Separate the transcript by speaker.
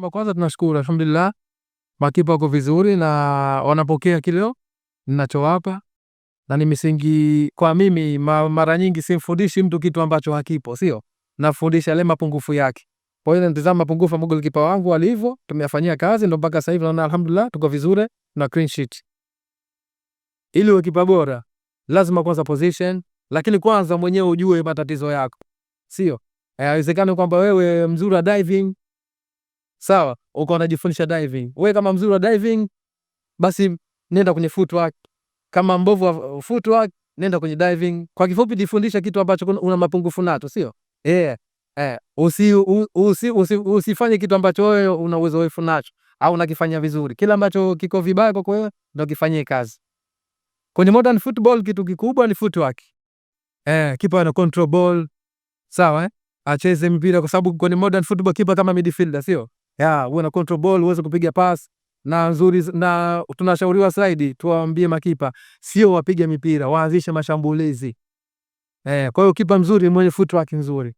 Speaker 1: Kwamba kwanza tunashukuru alhamdulillah, makipa wako vizuri na wanapokea kileo ninachowapa, na ni misingi kwa mimi. Ma, Mara nyingi simfundishi mtu kitu ambacho hakipo, sio nafundisha yale mapungufu yake. Kwa hiyo nitazama mapungufu ambayo golikipa wangu alivyo, tumeyafanyia kazi, ndio mpaka sasa hivi naona alhamdulillah tuko vizuri na clean sheet. Ili uwe kipa bora lazima kwanza position, lakini kwanza mwenyewe ujue matatizo yako, sio eh, haiwezekani kwamba wewe mzuri wa diving sawa, uko unajifundisha diving. Wewe kama mzuri wa diving, basi nenda kwenye footwork. Kama mbovu wa footwork, nenda kwenye diving. Kwa kifupi, jifundisha kitu ambacho una mapungufu nacho, sio eh? Eh, usi, usi, usi, usifanye kitu ambacho wewe una uwezo wefu nacho au unakifanya vizuri. Kila ambacho kiko vibaya kwako wewe ndio kifanyie kazi. Kwenye modern football kitu kikubwa ni footwork. Eh, kipa ana control ball. Sawa eh? Acheze mpira kwa sababu kwenye modern football kipa kama midfielder, sio? yeah, uwe na control ball uweze kupiga pass na nzuri na tunashauriwa zaidi tuwaambie makipa sio wapiga mipira, waanzishe mashambulizi eh. Kwa hiyo kipa mzuri mwenye footwork nzuri